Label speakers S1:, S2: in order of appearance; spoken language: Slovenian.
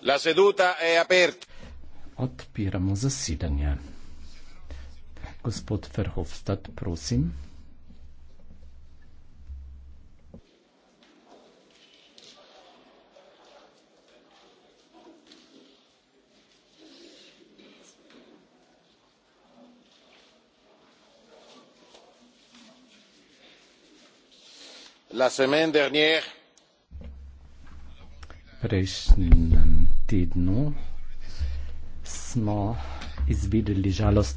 S1: La seduta è aperta.
S2: Odpiramo zasedanje. Gospod Verhofstadt,
S3: prosim.
S4: La semaine dernière,
S5: prejšnjem tednu
S6: smo izvedeli žalost